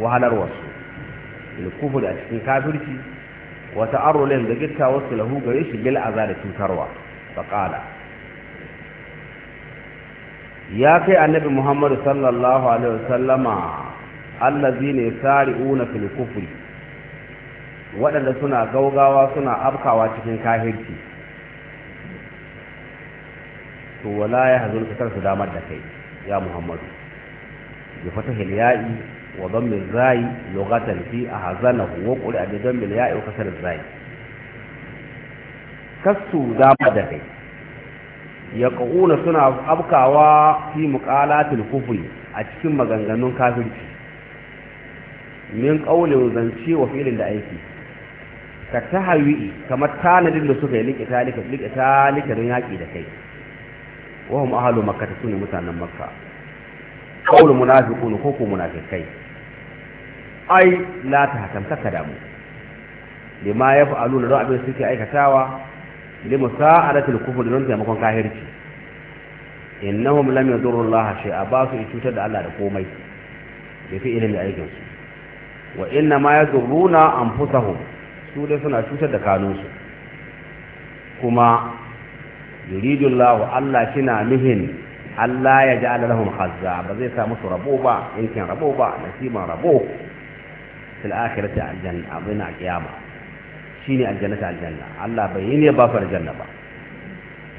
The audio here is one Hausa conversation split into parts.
Wahalar wasu ilkufur a cikin kafirci wata arulin da gitta wasu lahu gare shi bil aza da cutarwa faƙala ya kai annabi muhammadu sallallahu alaihi wasallama allazi ne sari'una fil kufri waɗanda suna gaugawa suna afkawa cikin kafirci. to wala ya hazun ka su damar da kai ya muhammadu ya fatahil ya'i وضم الزاي لغة في أهزنه وقل بضم الياء وكسر الزاي كسو دام دفي يقعون سنة أبكى في مقالات الكفر أتكم مغنغنون كافر من قول وزنشي وفعل aiki. ka ta kamar tanadin da suka yi liƙe talika talika don yaƙi da kai wahum ahalu makka ta sune mutanen munafiqun ko munafikai ai la ta hakamta ka damu lima ya fa'alu da abin suke aikatawa limu sa'adatul kufur don taimakon kahirci innahum lam yadurru Allah a ba su cutar da Allah da komai da fi ilimi da su wa inna ma yadurruna anfusahum su dai suna cutar da kanunsu kuma yuridu Allah Allah shina mihin Allah ya ja'ala lahum hazza ba zai sa musu rabo ba yankin rabo ba nasiban rabo fil akhirati aljanna abin a shine aljannatu aljanna Allah bai yi ne ba far janna ba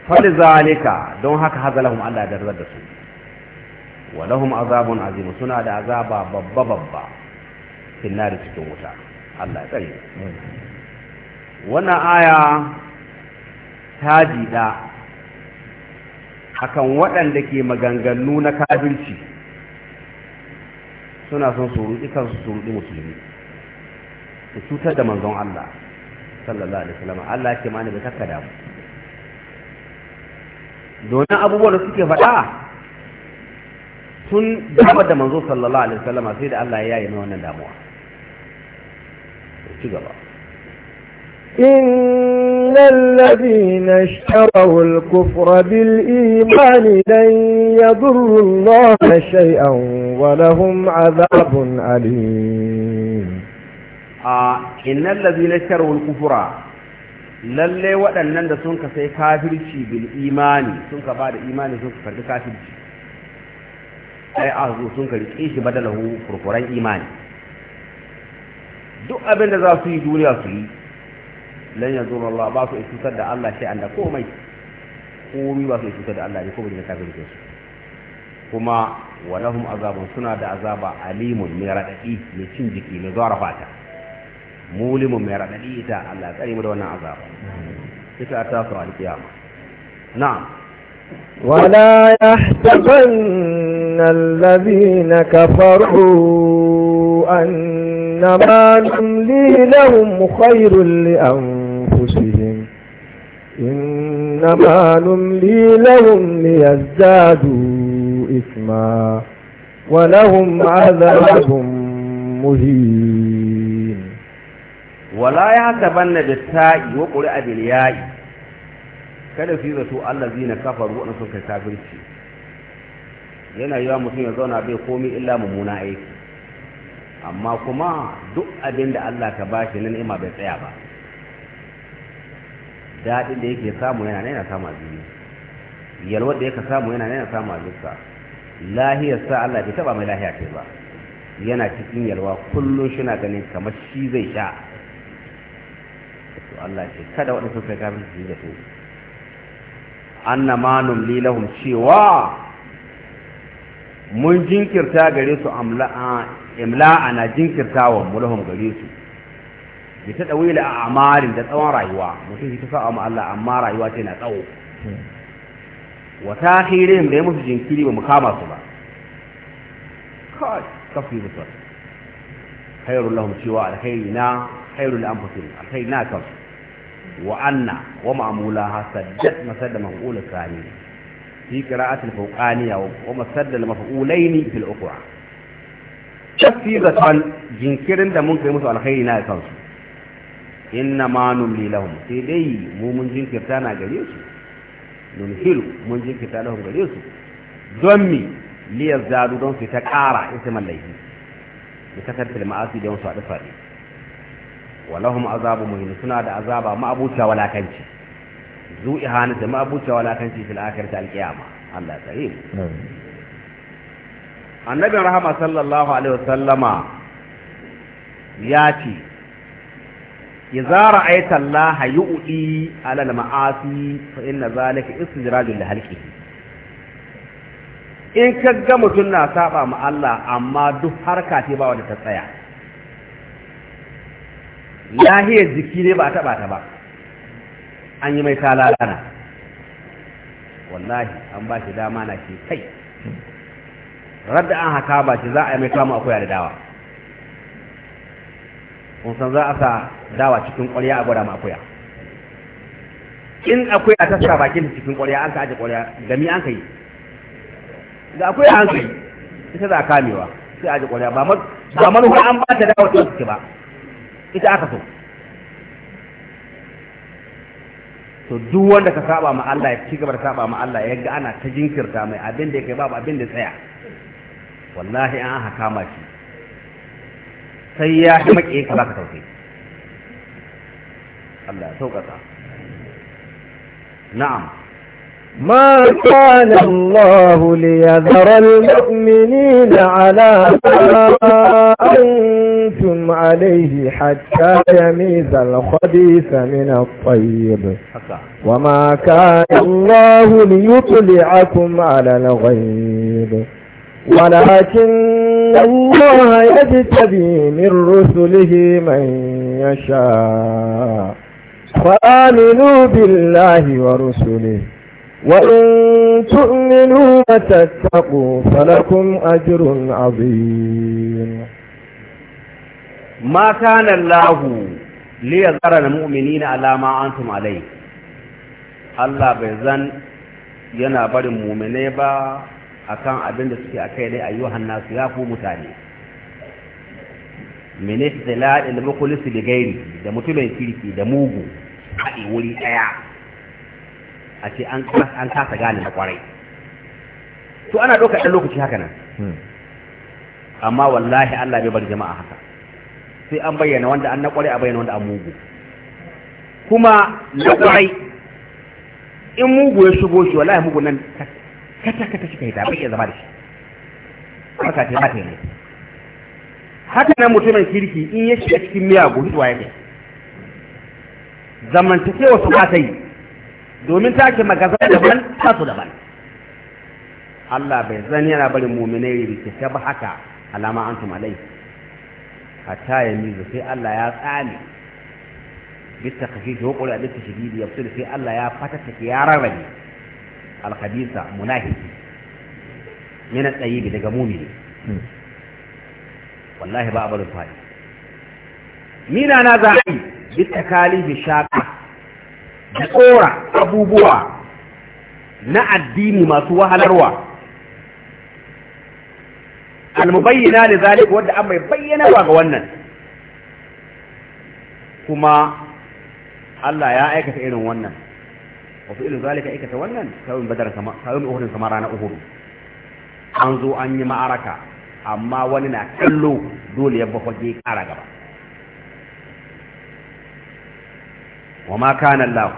fali zalika don haka hazalahum Allah da da su wa azabun azim suna da azaba babba babba fil nar cikin wuta Allah ya tsare wannan aya ta jida akan waɗanda ke maganganu na kafirci suna son su ruɗi kansu su musulmi su cutar da manzon Allah sallallahu alaihi wasallam Allah ce mani da bai takka da domin abubuwan da suke faɗa tun damar da manzo sallallahu alaihi wasallam sai da Allah ya yi mai wannan damuwa ci gaba إن الذين اشتروا الكفر بالإيمان لن يضروا الله شيئا ولهم عذاب أليم a innal ladina sharhul kufura lalle waɗannan da sun ka sai kafirci bil imani sun ka bada imani sun ka karbi kafirci ai zo sun ka rike shi badalahu kurkuran imani duk abin da za su yi duniya su yi lan zuwa Allah ba su isu da Allah sai Allah komai komai ba su isu da Allah ne komai da kafirci su kuma walahum azabun suna da azaba alimun mai radadi mai cin jiki mai zuwa fata مولي mai بديتا الله Allah دون عذاب da wannan على القيامة نعم ولا يحسبن الذين كفروا أنما نملي لهم خير لأنفسهم إنما نملي لهم ليزدادوا إثما ولهم عذاب مهين wala ya tabanna da ta'i wa qur'a bil ya'i kada su zato allazina kafaru wa sun kai kafirci yana wa mutum ya zauna bai komi illa mummuna aiki amma kuma duk abin da Allah ka bashi na ni'ima bai tsaya ba daɗin da yake samu yana yana samu a Yalwa yalwar da yake samu yana yana samu a lahiyar sa Allah bai taba mai lahiya kai ba yana cikin yalwa kullum shi na ganin kamar shi zai sha Allah ce kada waɗanda suka kafin su yi da su anna ma numli lahum cewa mun jinkirta gare su imla'a na jinkirtawa mu lahum gare su bi ta dawila a amarin da tsawon rayuwa mutum shi ta sa'a mu Allah amma rayuwa ce na tsawo wa takhirihim da musu jinkiri ba mu kama su ba kai kafi musu khairul lahum cewa alkhairina khairul anfusihim alkhairina kansu وأن ومعمولها سدت مسد مفعول الثاني في قراءة الفوقانية ومسد المفعولين في الأقوى تفسيرة جنكرن دا ممكن يمسوا على خيرنا يتنسوا إنما نملي لهم سيدي مو من جنكرتانا قليسوا ننهلوا من جنكرتا لهم قليسوا ذمي ليزدادوا دون في تكارا اسم الليل بكثرة المعاصي دون سعد فريق walahum azabu muhin suna da azaba ma'abuta walakanci zu ihana da ma'abuta walakanci fil akhirati qiyama Allah karim annabi rahama sallallahu alaihi wasallama ya ce idza ra'aita Allah yu'i ala al-ma'asi fa inna zalika istijrajun li halqihi in kaga mutun na saba ma Allah amma duk harka ce ba wanda ta tsaya lahiyar jiki ne ba a taɓa ta ba an yi mai talalana wallahi an ba shi dama na ke kai radda an haka ba shi za a yi mai kama akuya da dawa kun san za a sa dawa cikin ƙwarya a gwada ma akuya in akwai a sa bakin cikin ƙwarya an ka aje ƙwarya gami an ka yi da akuya an ka yi ita za a kamewa sai aje ƙwarya ba manufa an ba ta dawa ta ba ita aka so to duk wanda ka saba ma Allah ya ci gaba da saba ma Allah ya ga ana ta jinkirta mai abin da yake babu abin da tsaya wallahi an aka kama shi sai ya yi maƙe ka za ka tauke Allah ya sauƙaƙa na'am ما كان الله ليذر المؤمنين على ما أنتم عليه حتى يميز الخبيث من الطيب وما كان الله ليطلعكم على الغيب ولكن الله يجتبي من رسله من يشاء فآمنوا بالله ورسله وإن تؤمنوا وتتقوا فلكم أجر عظيم ما كان الله ليذر المؤمنين على ما أنتم عليه Allah bai zan yana barin muminai ba akan abin da suke kai ne ayyuhan nasu ya ku mutane min da mukhlis li Gairi, da mutumin kirki da mugu a wuri ɗaya. a ce an kasa gane na kwarai to ana ɗauka ɗan lokaci haka nan hmm. amma wallahi Allah bai bar jama'a haka sai an bayyana wanda an na kwarai a bayyana wanda an mugu kuma na kwarai in mugu ya shigo shi wallahi mugu nan kata kata shi kai da bai zama da shi haka ta mata ne haka nan mutumin kirki in ya shiga cikin miyagun zuwa yake zamantakewa su ba ta yi domin take magazan daban tasu daban Allah bai zan yana barin muminai rikice ba haka alama antum alai hatta ya mizu sai Allah ya tsame bisa kashi shi hukuri a bisa shigidi ya fito sai Allah ya fata fatata ya rarrabe alhadisa munahiki yana tsayi daga mumini wallahi ba a barin fadi mina na za a yi bi kalibi da tsora abubuwa na addini masu wahalarwa almubayyana da zalika wadda an mai bayyanarwa ga wannan kuma Allah ya aikata irin wannan wasu irin zalika aikata wannan kawai badar sama kawai uhudin sama rana uhudu an zo an yi ma'araka amma wani na kallo dole ya bakwage kara gaba wa ma kana Allah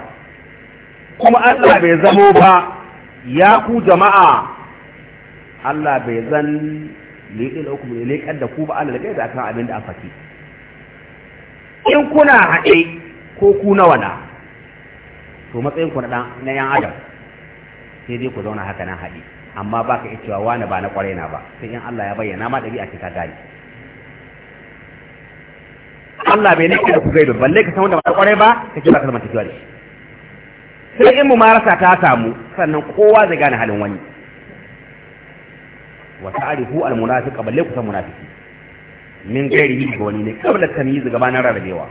kuma Allah bai zamo ba ya ku jama'a Allah bai zan liƙin uku ne leƙar da ku ba Allah da da kan abin da aka in kuna haɗe ko ku na wana, to matsayin ku na dan na yan adam sai dai ku zauna haka nan haɗe amma baka iya cewa wani ba na kwarai na ba sai in Allah ya bayyana ma ɗabi'a ce ta gani Allah bai nake da ku gaido balle ka san wanda ba kware ba ka kira kalmar tafiya da sai in mu marasa ta samu sannan kowa zai gane halin wani wa ta'rifu al-munafiqa balle ku san munafiki min gairihi ga wani ne kabla tamyiz gabanin rarrabewa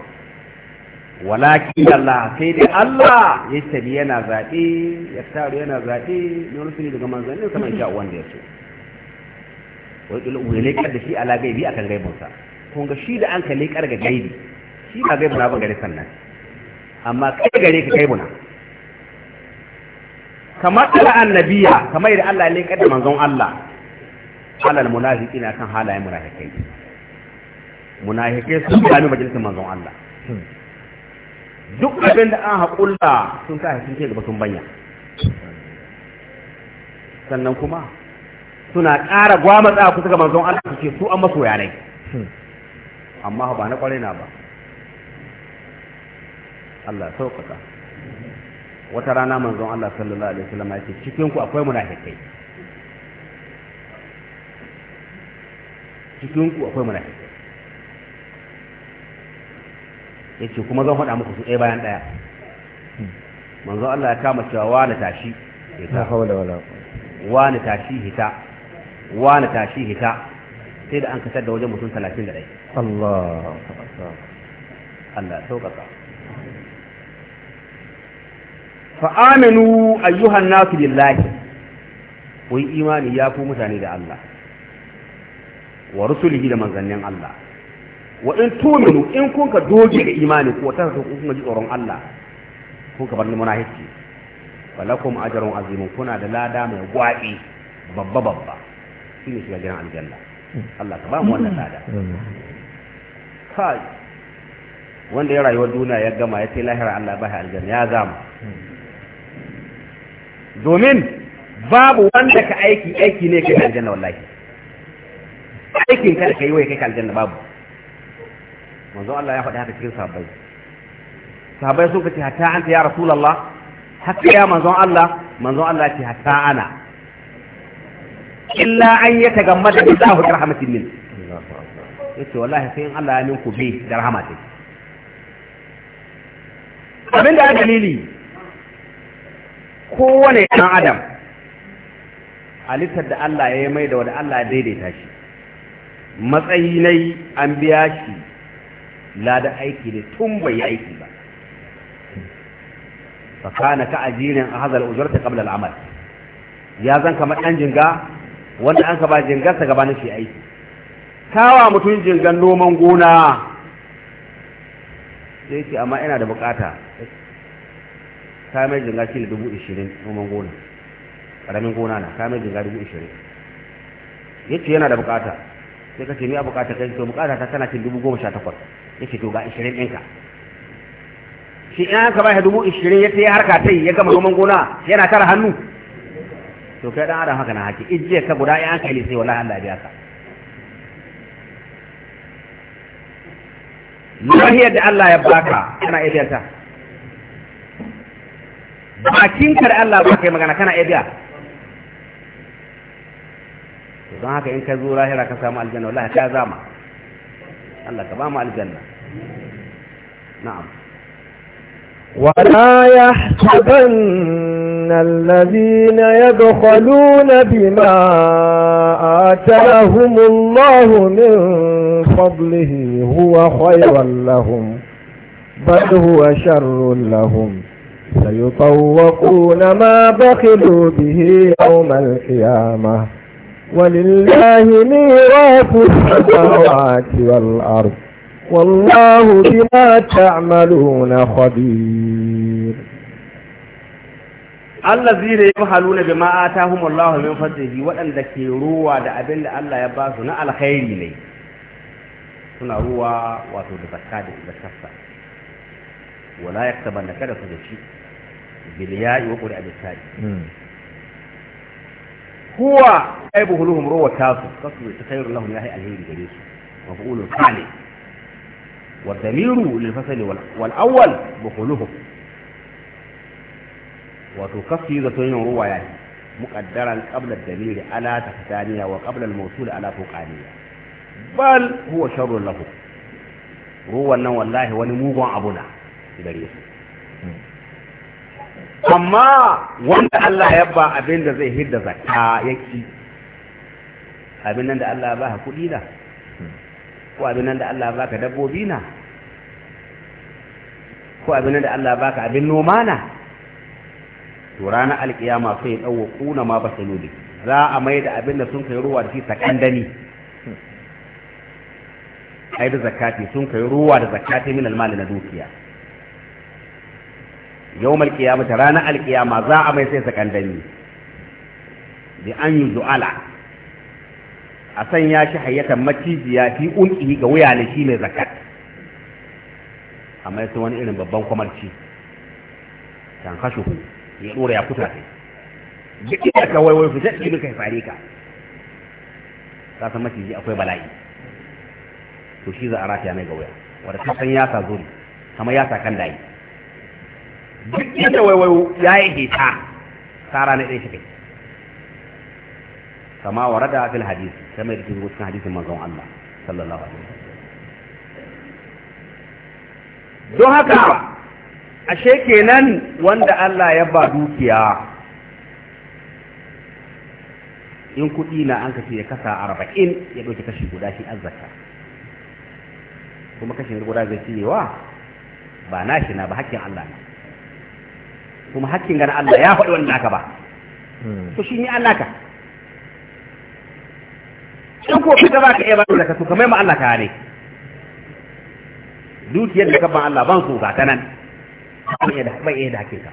walakin Allah sai dai Allah ya tabi yana zaɓe ya taru yana zaɓe ne yi daga manzannin sama ya Allah wanda ya so wai dole ne kada shi ala gaibi kan gaibinsa Kunga shi da an kalli karga ga gaibi shi ba gaibu na ba gare sannan amma kai gare ka kai na kamar ala annabiya kamar yadda Allah ya lekar da manzon Allah munafiki na kan halayen munafikai munafikai sun gami majalisar manzon Allah duk abin da an haƙulla sun sa sun ce gaba sun banya sannan kuma suna ƙara gwamatsa kusa ga manzon Allah su ce su an masoya ne amma ba na kwarai na ba Allah sauƙaƙa wata rana manzon Allah sallallahu alaihi wasallam yake cikin ku akwai munafikai cikin ku akwai munafikai yace kuma zan faɗa muku su ɗaya bayan ɗaya manzon Allah ya kama cewa wani tashi hita wani tashi hita wani tashi hita sai da an kasar da wajen mutum talatin da ɗaya Allah Allah sauƙaƙa fa'aminu ayyuhan nasu lillahi wai imani ya ku mutane da Allah wa rusulihi da manzannin Allah wa in tuminu in kun ka doge da imani ko ta kun kuma ji tsoron Allah kun ka bar ni munafiki falakum ajrun azimun kuna da lada mai gwabi babba babba shine shiga gidan aljanna Allah ka ba mu wannan lada mm. kai wanda ya rayuwar duniya ya gama ya ce lahira Allah ba aljanna ya gama domin babu wanda ka aiki aiki ne kai aljanna wallahi aikin ka da kai wai kai aljanna babu manzo Allah ya faɗi haka cikin sahabbai sahabbai sun kace hatta anta ya rasulullah hatta ya manzon Allah manzon Allah ce hatta ana illa an yatagammada billahi rahmatin minhu yace wallahi sai in Allah ya minku bi da rahama ce abin da dalili kowane ɗan adam halittar da Allah ya yi mai da wanda Allah ya daidaita shi matsayi yi an biya shi lada aiki ne tun bai yi aiki ba fakana ka ajirin a hazal ujurta Kabla al'amal ya zan kamar ɗan jinga wanda an ka ba jingarsa gabanin shi aiki kawa mutum jingan noman gona da yake amma yana da bukata ta mai jirga shi da dubu ishirin noman gona ƙaramin gona na ta mai jirga dubu ishirin ya ce yana da bukata sai ka ce ni a bukata kai to bukata ta tana cin dubu goma sha takwas ya ce to ga ishirin ɗinka shi in ka bai dubu ishirin ya ce harka ta ya gama noman gona yana tara hannu to kai dan adam haka na haki ijiya ka guda ya an kai sai wallahi Allah ya biya ka lahiyar da Allah ya baka kana iya ta bakin kar Allah ba kai magana kana iya don haka in ka zo lahira ka samu aljanna wallahi ta zama Allah ka ba mu aljanna na'am ولا يحسبن إن الذين يبخلون بما آتاهم الله من فضله هو خيرا لهم بل هو شر لهم سيطوقون ما بخلوا به يوم القيامة ولله ميراث السماوات والأرض والله بما تعملون خبير Allah zine ya halu na bi ma'ata humallahu min fadlihi waɗanda ke ruwa da abin da Allah ya ba su na alkhairi ne suna ruwa wato da zakka da zakkarsa wala yaktaban da kada su da shi bil ya'i wa qul abisai hmm. huwa aibuhu lahum ruwa tasu kasu ta khairu lahum yahi alheri gare su maf'ulul khali wa damiru lil fasli wal awwal bukhuluhum wato kafi da yin ruwa yayi muqaddaran qabla ad-damir ala taqdaniya wa ƙablar motsu da ala fuqaniya bal huwa sharrun lahu ruwan nan wallahi wani mugun abu na gare su amma wanda Allah ya ba abin da zai hidda zakka yaki abin nan da Allah ya baka kuɗi na ko abin nan da Allah ya baka dabbobi na ko abin nan da Allah ya baka abin noma na to ranar alkiyama sai ya ɗauwa kuna ma ba su za a mai da abin da sun kai ruwa da shi sakandani ai da zakati sun kai ruwa da zakati min almali na dukiya yau malkiyama ta ranar alkiyama za a mai sai sakandani da an yi zu'ala a sanya shi hayyatan macijiya fi unki ga wuya ne shi mai zakat amma sai wani irin babban kwamarci tan kashuhu ya dora ya kuta kai duk inda ka waiwai fi zai ɗibi kai fare ka ka san maciji akwai bala'i to shi za a rafiya mai ga wuya wanda ta san yasa zuri kama yasa kan layi duk inda waiwai ya yi hita tsara na ɗaya shi kai kama wa rada fil hadisi sai mai rikin cikin hadisin manzon Allah sallallahu alaihi wasallam don haka ashe kenan wanda Allah ya ba dukiya in kuɗi na an kace ya kasa arba'in ya ɗauki kashi guda shi azzaka kuma kashi guda zai ce wa ba na shi na ba hakkin Allah ne kuma hakkin gana Allah ya faɗi wannan naka ba hmm. to shi ne Allah ka in ko fita ba ka iya ba da ka to kamar ma Allah ka ne dukiyar da ka ban Allah ban so ga ta nan bai iya dace ka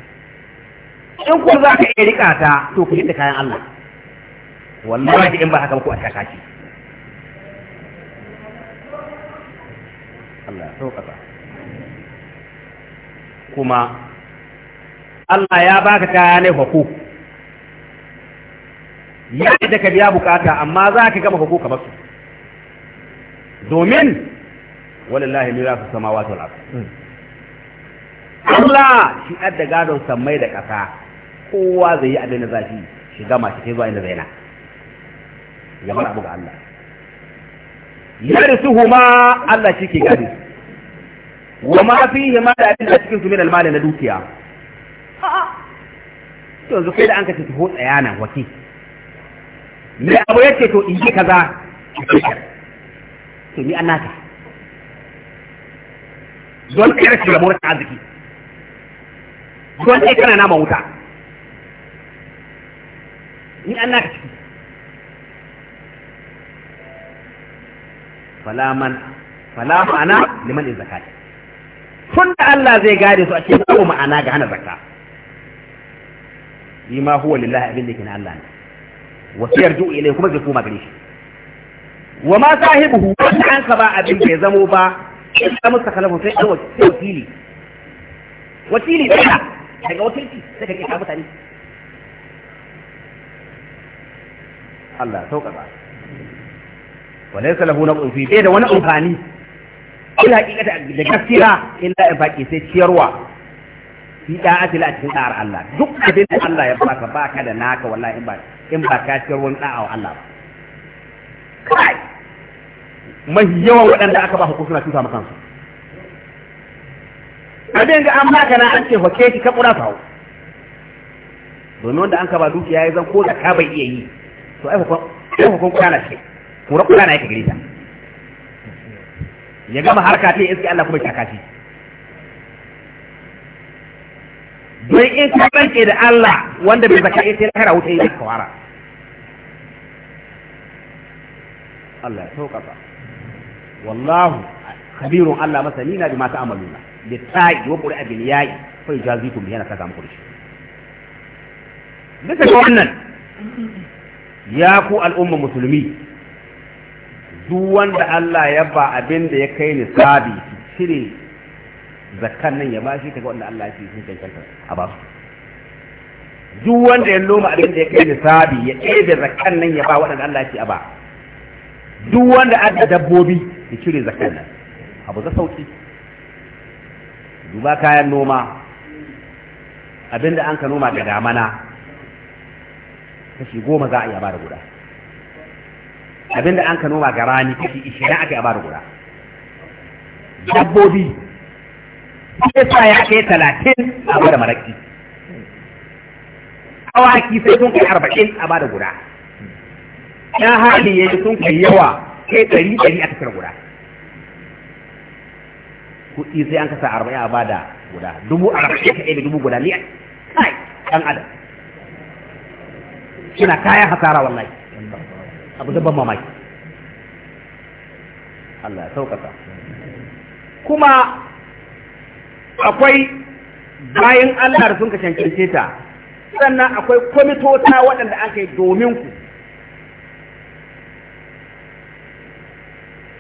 in ko za ka iya rika ta to ku yadda kayan Allah wallahi in ba haka ku a shaka ki Allah ya sauƙaƙa kuma Allah ya baka kaya ne hukuk ya da ka biya bukata amma za ka gama hukuk kamar su domin walillahi mirasu samawati wal ardh Allah shi adda gadon sammai da ƙasa kowa zai yi abin da za shi gama shi kai zuwa inda zai na ya bar abu ga Allah ya risuhu ma Allah shi ke gadi wa ma fihi ma da abin da cikin su min almali na dukiya yanzu kai da an kace tuho tsaya nan waki me abu yace to in ji kaza to ni annaka don kare shi da murta arziki don ɗaya kana nama wuta ni an naka ciki falaman fala ana liman in zakat tun da Allah zai gade su a ce babu ma'ana ga hana zakka bi ma huwa lillahi abin da ke na Allah ne wasu yarju ilai kuma zai koma gare shi wa ma sahibuhu wanda an ka ba abin bai zamo ba in samu kalafu sai an wasili wasili ɗaya daga wakilci sai ka kira mutane Allah sauƙaƙa wala yasa lahu naqun fi bai da wani amfani ila hakikata da gaskiya illa infaqi sai ciyarwa fi da'ati la cikin da'ar Allah duk abin da Allah ya baka baka da naka wallahi in ba in ba ka ciyar wani da'a Allah ba kai mai yawan waɗanda aka ba hukunci suna tuta makansu abin ga an baka na an ce hoke shi ka kura kawo domin wanda an ka ba dukiya ya zan ko da ka bai iya yi to ai hukun kura na ce kura kura na yake gare ta ya gama harka ta iske Allah kuma shaka shi don in ka rance da Allah wanda bai zaka yi sai lahira wuta yi kawara Allah ya ba wallahu khabirun Allah bi ma ta'maluna litta'i wa ƙuri'a bil yayi fa yajazikum bi yana saka muku da shi bisa ga wannan ya ku al'umma musulmi duk wanda Allah ya ba abin da ya kai ni sabi cire zakkan nan ya bashi ta ga wanda Allah ya ce sun cancanta a ba su duk wanda ya loma abin da ya kai ni sabi ya ɗebe zakkan nan ya ba waɗanda Allah ya ce a ba duk wanda aka dabbobi ya cire zakkan nan abu za sauki duba kayan noma abinda an ka noma ga damana kashi goma za a yi a bada guda abinda an ka noma ga rani kashi ishirin aka yi a bada guda dabbobi ke sa ya kai talatin a bada maraki awaki sai sun kai arba'in a bada guda ɗan hali ya sun kai yawa kai ɗari ɗari a tafiyar guda kuɗi sai an kasa arba'in a bada guda dubu arba'in ka da dubu guda liya ai ɗan adam suna kayan hasara wallahi abu da ban mamaki Allah ya saukata kuma akwai bayan Allah da sun ka cancance ta sannan akwai kwamitota waɗanda an kai domin ku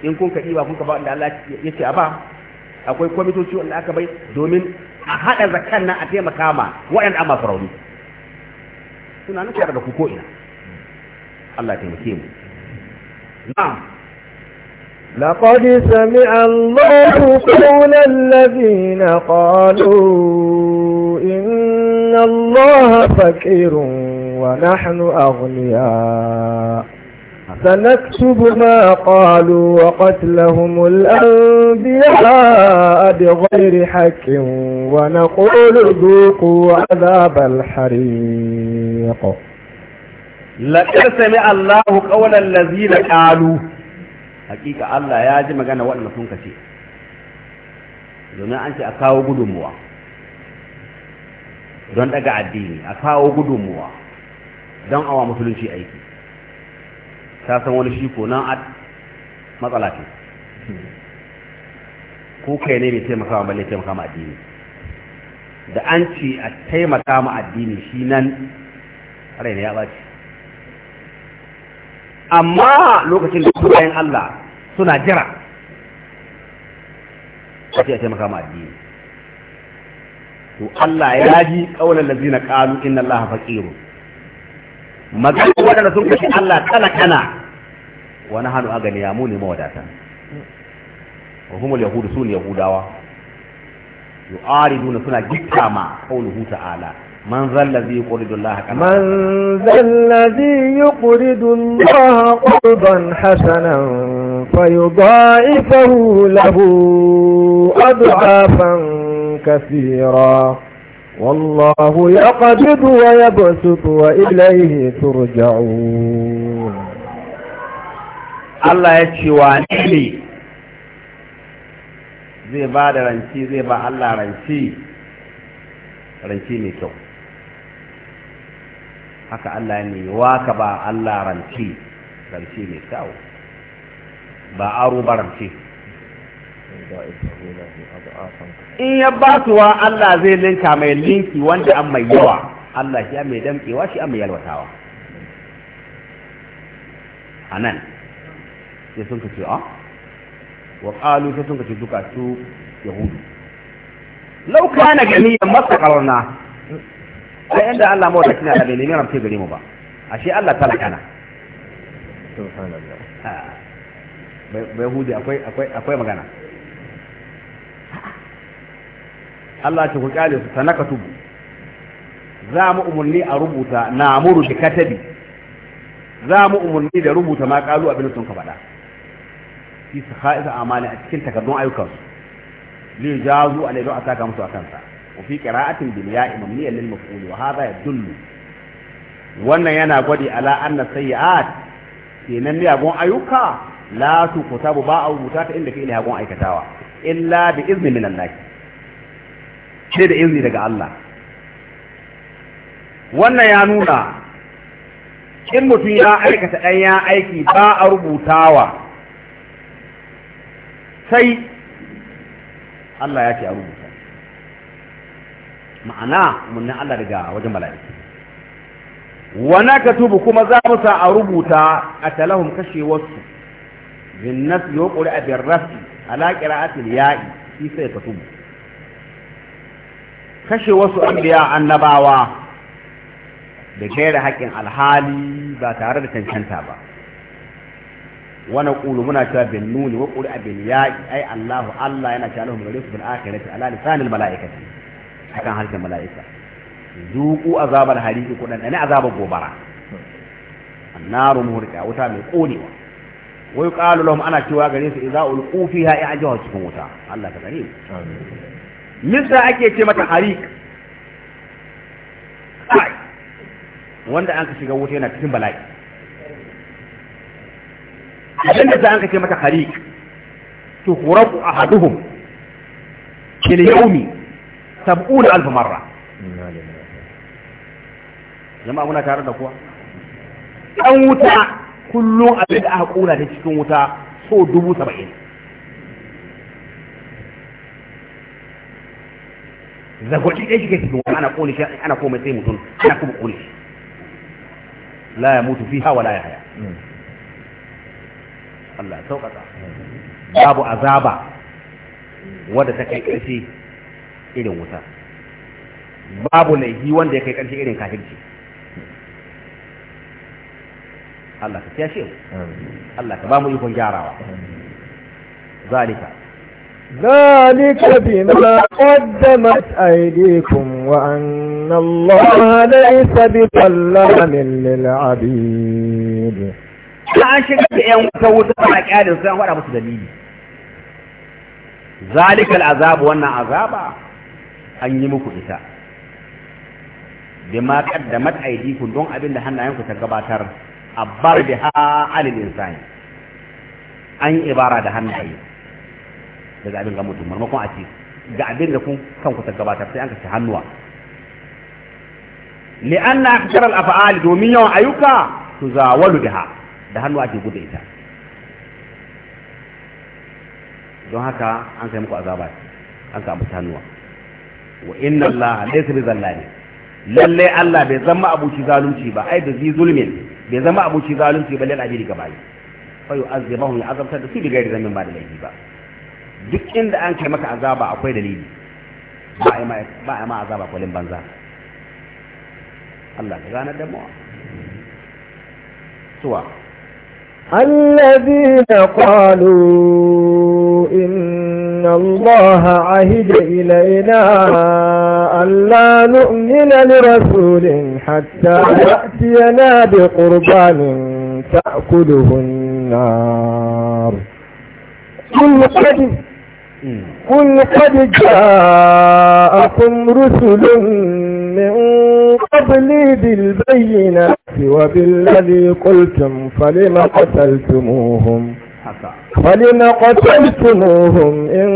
in kun ka ba kun ka ba wanda Allah ya ce a ba akwai kwamitoci wanda aka bai domin a haɗa zakan nan a taimaka ma waɗanda amma farauni suna nan da ku ko'ina Allah ya taimake mu na'am لقد سمع الله قول الذين قالوا إن الله فقير ونحن أغنياء سنكتب ما قالوا وقتلهم الأنبياء بغير حق ونقول ذوقوا عذاب الحريق لقد سمع الله قول الذين قالوا حقيقة الله يا جماعة أنا وأنا سنك شيء domin an ce a kawo gudunmuwa don daga addini a kawo gudunmuwa don awa musulunci aiki ta san wani shi ko nan a matsala ce ko kai ne mai taimaka ma balle taimaka ma addini da an ce a taimaka ma addini shi nan rai ne ya ɓaci amma lokacin da bayan Allah suna jira a ce a taimaka ma addini to Allah ya ji kaunar da zina ƙalu inna Allah faƙiru magana waɗanda sun kashe Allah kana kana wana hano agani ya muni moda ta wahumu liyahudu suni yahuda wa yuari duna suna jikama kauluhu ta'ala من ذا الذي يقرض الله كما من ذا الذي يقرض الله قرضا حسنا فيضاعفه له أضعافا كثيرا والله يقبض ويبسط وإليه ترجعون Allah ya ce wa ne zai ba da ranci zai ba Allah ranci ranci mai kyau haka Allah ne wa ka ba Allah ranci ranci mai kyau ba aro ba ranci in ya ba wa Allah zai linka mai linki wanda an mai yawa Allah shi mai damkewa shi an mai yalwatawa a nan sai sun ce a ah? wa qalu sai sun ce duka su yahudu law kana ganiyan masaqarna sai inda Allah mawata kina da ne ramce gare mu ba ashe Allah ta lakana. subhanallah ah. bai akwai magana Allah ce ku kyale su naka tubu za mu umarni a rubuta namuru da katabi za mu umarni da rubuta ma kalu abin sun ka faɗa fi sakha'is amali a cikin takardun ayyukansu li jazu an yadu ataka musu akan sa wa fi qira'atin bil ya'i mamniyan lil maf'ul wa hadha yadullu wannan yana gwadi ala anna sayyi'at kenan miyagun ayyuka la tuqtabu ba a rubuta ta inda fi'li hagun aikatawa illa bi izni min Allah sai da izini daga Allah wannan ya nuna in mutum ya aikata ɗanyen aiki ba a rubutawa sai Allah ya ce a rubuta ma'ana munna Allah daga wajen mala'iku wana katubu kuma za mu sa a rubuta a talahum wasu bin nas yuqri a bin rafi ala qira'atil ya'i shi sai katubu wasu anbiya annabawa da gaira haƙin alhali ba tare da cancanta ba wani ƙulu muna cewa bin nuni wa ƙuri abin yaƙi ai allahu allah yana cewa lahum gare su bil akhirati ala lisanil mala'ikati akan harshen mala'ika zuku azabar hariki ko dan azabar gobara annaru muhriqa wuta mai ƙonewa wa yuqalu lahum ana cewa gare su idza ulqu fiha i'jahu cikin wuta allah ka kare amin misra ake ce mata harik wanda an ka shiga wuta yana cikin bala'i abinda za an kace mata khariq to qurabu ahaduhum fil yawmi 70000 marra jama'a muna tare da kuwa dan wuta kullum abin da aka kula ta cikin wuta so dubu saba'in zagwaci ɗaya shiga cikin wani ana ƙone shi ana komai sai mutum ana kuma ƙone shi la ya mutu fi hawa la ya haya Allah sauƙaƙa babu azaba wadda ta kai ƙarshe irin wuta babu laifi wanda ya kai ƙarshe irin kafirci Allah ka tashi mu Allah ka ba mu ikon gyarawa zalika ذلك بما قدمت أيديكم وأن الله ليس بظلام للعبيد ta an shiga da yan wuta wuta ana kyalin sai an faɗa musu dalili zalikal azabu wannan azaba an yi muku ita bima qaddamat aydikum don abin da hannayenku ta gabatar abbar biha alil insani an yi ibara da hannaye daga abin ga mutum marmakon a ce ga abin da kun kanku ta gabatar sai an kashe hannuwa li'anna akthar al-af'al domin yawan ayyuka tuzawalu biha da hannu ake gudu ita don haka an kai muku azaba an samu ambata hannuwa wa inna allaha laysa bi zallani lalle allah bai zama abuci zalunci ba ai da zi zulmin bai zama abuci zalunci ba abiri gaba gabayi fa yu'azzibahu ya azabta da su bi gairi zamin ba da laifi ba duk inda an kai maka azaba akwai dalili ba ai ma ba ai ma azaba kwalin banza Allah ka gane da mu suwa الذين قالوا إن الله عهد إلينا ألا نؤمن لرسول حتى يأتينا بقربان تأكله النار قل قد قل قد جاءكم رسل من قبلي بالبينات وبالذي قلتم فلم قتلتموهم فلم قتلتموهم إن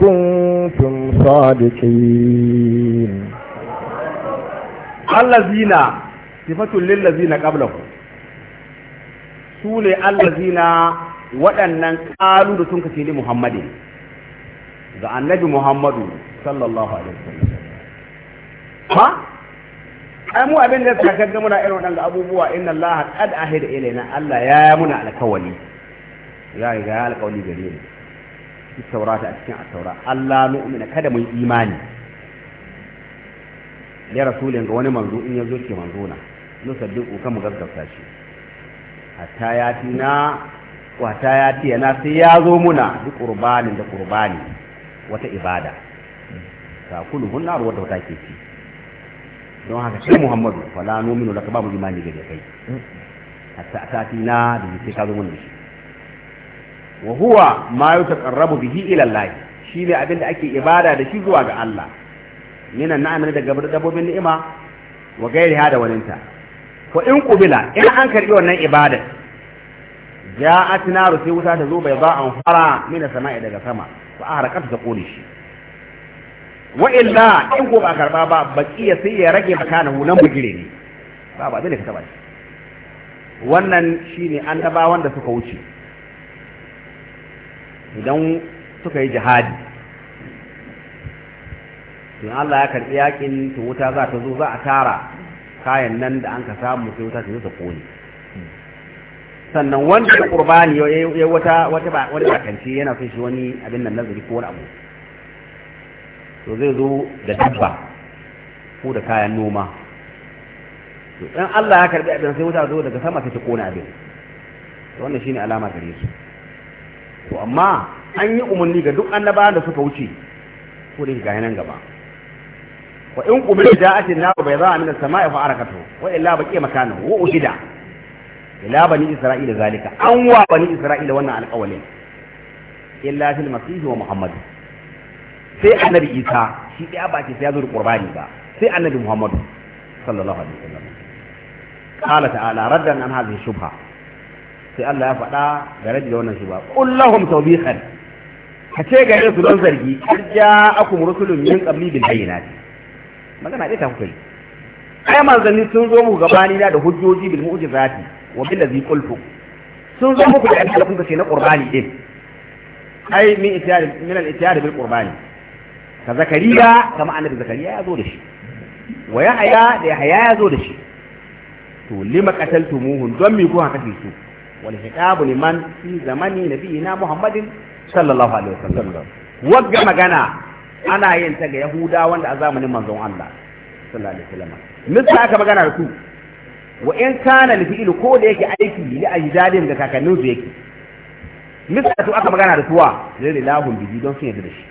كنتم صادقين الذين صفة للذين قبلهم سولي الذين waɗannan ƙalu da sun kace ne Muhammadin ga annabi Muhammadu sallallahu alaihi wasallam ha ai mu abin da ta kaga muna irin wannan abubuwa inna allaha qad ahida ilaina allah ya ya muna alkawali ya yi ya alkawali gare mu cikin taurata a cikin at-taura allah nu'mina kada mu imani ya rasulin ga wani manzo in yazo ke manzo na nusaddiqu kan mu gaskata shi hatta yati na wata ya tiya na sai ya zo muna duk qurbanin da qurbani wata ibada ta na hunnar wata wata ke ci don haka sai muhammadu wala nominu laka babu imani ga kai hatta atati na da sai ka zo mun da shi wa huwa ma bihi ila shi shine abin da ake ibada da shi zuwa ga Allah minan na'amin daga dabbobin ni'ima wa gairiha da waninta ko in kubila in an karbi wannan ibadar ja'at naru sai wuta ta zo bai ba an fara mina sama'i daga sama fa ahrakat ta kone shi Wa'illa illa in ko ba karba ba bakiya sai ya rage makana nan bugire ne ba ba zai ka taba wannan shine an daba wanda suka wuce idan suka yi jihadi Tun Allah ya karbi yakin to wuta za ta zo za a tara kayan nan da an ka samu sai wuta ta zo ta kone sannan wanda ya kurbani ya wata wata ba wani bakanci yana son shi wani abin nan nazari ko wani abu to zai zo da dabba ko da kayan noma to in Allah ya karbi abin sai wuta zo daga sama ta kona abin to wannan shine alama gare su to amma an yi umarni ga duk annabawan da suka wuce ko da ga nan gaba wa in qubila ja'at an-nar bayda min as-sama'i fa arakatu wa illa baqiya makanahu wa ujida ila bani isra'ila zalika an wa bani isra'ila wannan alƙawalin illa fil masih wa muhammadu sai annabi isa shi ɗaya ba ce sai ya zo da ƙurbani ba sai annabi Muhammad, sallallahu alaihi wasallam qala ta'ala raddan an hadhihi shubha sai Allah ya faɗa ga rajin da wannan shubha qul lahum tawbihan ka ce ga su don zargi kar ja'akum rusulun min qabli bil bayyinati magana dai ta kuka yi ai manzanni sun zo muku gabani na da hujjoji bil mu'jizati wa bil ladzi qultu sun zo muku da abin da kuka ce na qurbani din ai min itiyar min al itiyar bil qurbani ka zakariya kama annabi zakariya ya zo da shi wa yahya da yahya ya zo da shi to lima qataltumuhum don mi kuka kace su wal hitabu man fi zamani na nabiyina muhammadin sallallahu alaihi wasallam wagga magana ana yin ta ga yahuda wanda a zamanin manzon Allah sallallahu alaihi wasallam Mista aka magana da su wa in kana lifi'il ko da yake aiki li ajdadin da kakannin su yake Mista misali aka magana da suwa lillahi bihi don sun yadda da shi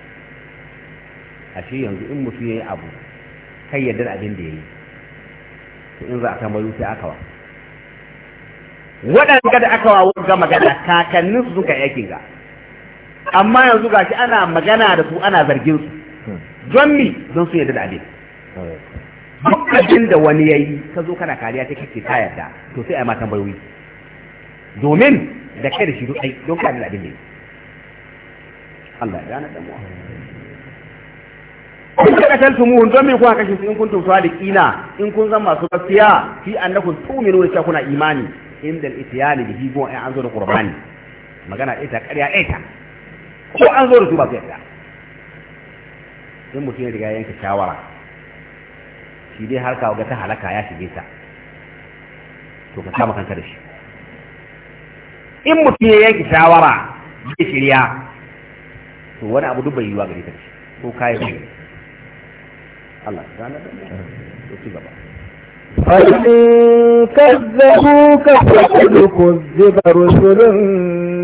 ashe yanzu in mutum yayi abu kai yadda abin da yayi to in za a tambayo sai aka wa waɗanda da aka wawo ga magana kakannin su suka yakin ga amma yanzu gashi ana magana da su ana zargin su hmm. don mi don su yadda da abin duk abin da wani yayi ka zo kana kariya ta kake ta yadda to sai a ma tambayoyi domin da kai da shi duk ai don ka da abin da yi. Allah ya gane mu. in ka kashe tumuhun don me kuka kashe su in kuntum sadiqina in kun zama masu gaskiya fi annakum tu'minu wa kuna imani inda al-itiyani da higo ai an zo da qur'ani magana ita ƙarya ita ko an zo da su ba su yadda in mutum ya riga yanke shawara shi dai har ka ga ta halaka ya shige ta to ka kama kanka da shi in mutum ya yanke shawara zai shirya to wani abu duk yiwa gare ta ko kayan shi Allah gane da ya ci gaba فإن كذبوك فقد كذب رسل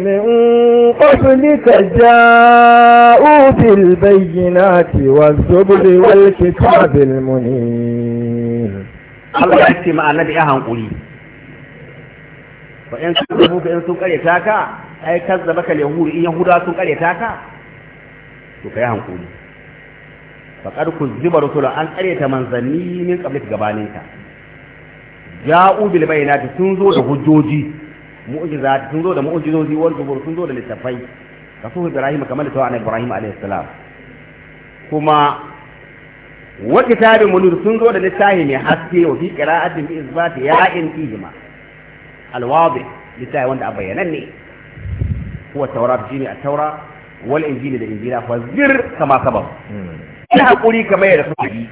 من قبلك جاءوا بالبينات والزبر والكتاب المنير Allah ya ce ma annabi hankuli fa in kazzabu ka in sun kare ka ai kazzabaka yahudi in sun ka hankuli Faƙar faqad kuzziba rusulu an qaryata manzanni min qablik gabaninka ja'u bil bayinati sun zo da hujjoji mu'jizati sun zo da mu'jizozi wal zubur sun zo da littafai rasul ibrahim kamar da tawana ibrahim alaihi salam kuma wa kitabin munir sun zo da littafi mai haske wa fi qira'atin bi isbati ya'in fihima alwadi littafi wanda a bayanan ne huwa tawrat shine at-taura wal injili da injila fazir kama sabab hmm. yi haƙuri kamar yadda suka yi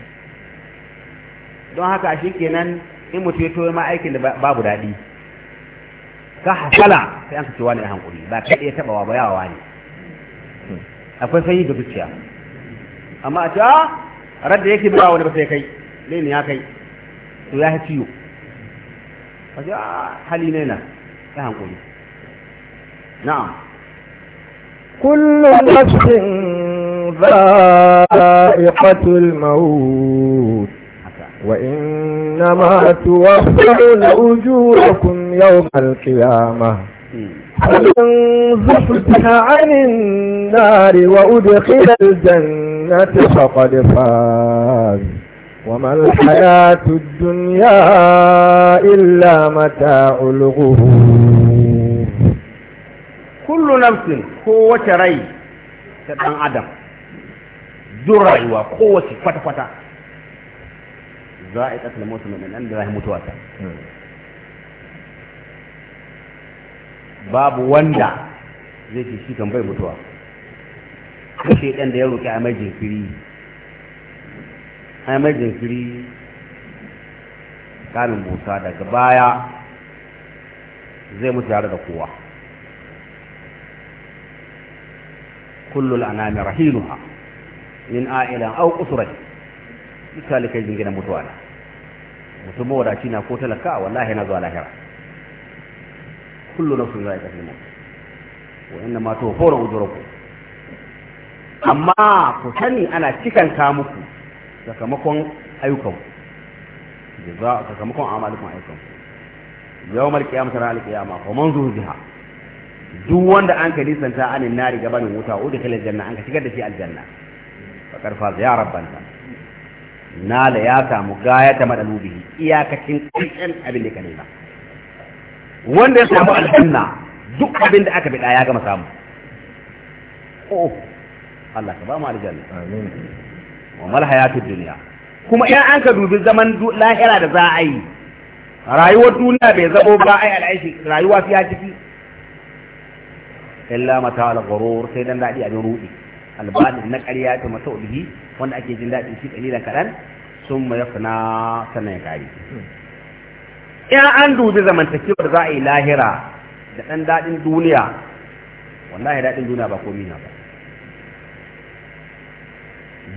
don haka shi kenan in mutu ya toye ma aikin da babu daɗi ka hasala sai an kace wani hankuri ba ka iya wa, ba yawa ne akwai sanyi da zuciya amma a ta ah, da yake ba wani ba sai kai ne ne ya kai to ya ha ciwo a ce ah, hali ne na ta hankuri na'am kullum nafsin za ذائقة الموت وإنما توفون أجوركم يوم القيامة فمن زحزح عن النار وأدخل الجنة فقد فاز وما الحياة الدنيا إلا متاع الغرور كل نفس هو شري كان آدم duk rayuwa kowace kwata-kwata za a yi ƙasar mutum mai nan da za a mutuwa ta hmm. babu wanda zai ce shi kan bai mutuwa kashe ɗan da ya roƙi a mai jinkiri a mai jinkiri kamin musa daga baya zai mutu yare da kowa kullul anami rahiluha min a'ilan au usrai misali kai jingina mutuwa na mutum mawadaci na ko talaka wallahi na zuwa lahira kullu nafsin za'iqatul maut wa inna ma tuwaffawna ujurakum amma ku sani ana cikan ka muku sakamakon ayyukan jaza sakamakon amalikun ayyukan yawmal qiyamah tara al-qiyamah fa man zuhziha duk wanda an ka nisanta anin nari gaban wuta udkhila janna an ka shigar da shi aljanna faƙar faza ya rabbanta nala ya samu gaya ta madalubihi iyakacin ƙarshen abin da ka nema wanda ya samu aljanna duk abin da aka bida ya gama samu oh Allah ka ba mu aljanna amin wa mal hayatud dunya kuma in an ka dubi zaman lahira da za a yi rayuwar duniya bai zabo ba ai al'aishi rayuwa ya ciki illa mata al-ghurur sai dan dadi abin rudi albalin na ƙarya ta mata ubihi wanda ake jin daɗin shi ƙalilan kaɗan sun mai na sannan ya ƙari in an dubi zamantakewar za a yi lahira da ɗan daɗin duniya wallahi daɗin duniya ba komi na ba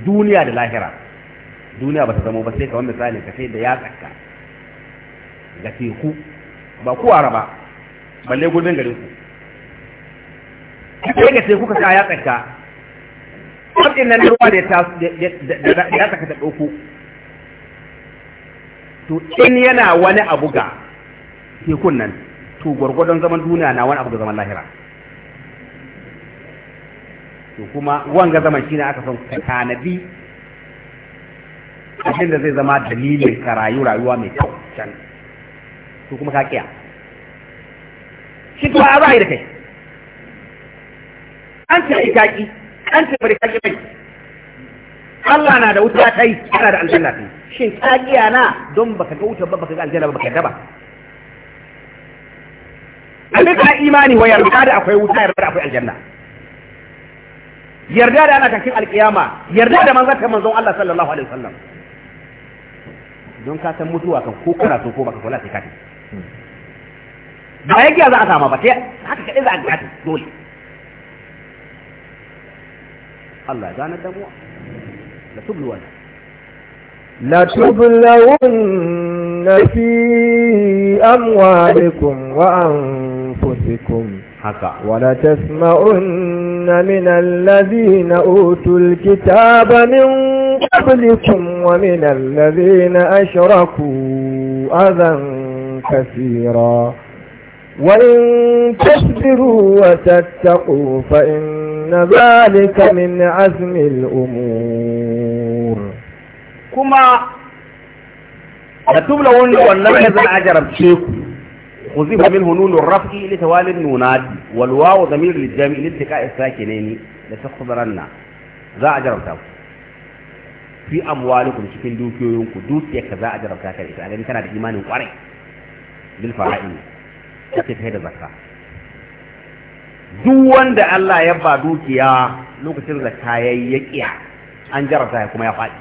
duniya da lahira duniya ba ta zama ba sai kamar misali ka sai da ya tsakka ga teku ba ku araba balle gudun garin ku sai ga teku ka sa ya tsakka kwabin nan ruwa da ya saka ta ɗauko to in yana wani abu ga tekun nan to gwargwadon zaman duniya na wani abu ga zaman lahira to kuma wanga zaman shi ne aka son ka tanadi abin da zai zama dalilin karayu rayuwa mai kyau can to kuma ka kiya shi kuma a ra'ayi da kai an ce ai kaki kanci bari kaji mai Allah na da wuta ta yi yana da aljanna ta shin kagiya na don baka ga wuta ba baka ga aljanna ba baka yadda ba abin ka imani wa yarda da akwai wuta yarda da akwai aljanna yarda da ana kashin alkiyama yarda da manzon ta manzon Allah sallallahu alaihi wasallam don ka san mutuwa kan ko kana so ko baka kula sai ka ba yake za a sama ba sai haka kadai za a gata dole الله دان الدموع لا لتبلون في أموالكم وأنفسكم حقا ولتسمعن من الذين أوتوا الكتاب من قبلكم ومن الذين أشركوا أذى كثيرا وإن تصبروا وتتقوا فإن إن ذلك من عزم الأمور كما لتبلغ والنبي ذا أجرب شيخ خذيب منه نون الرفع لتوالي النونات والواو ضمير للجامع لاتقاء الساكنين لتخبرنا ذا أجرب تاوكي في أموالكم cikin دوكيو dukiyar ka za a jarabta ka ita a gani kana da imanin kwarai bil duk wanda Allah ya ba dukiya lokacin da kayayi ya kiya an jarata ya kuma ya faɗi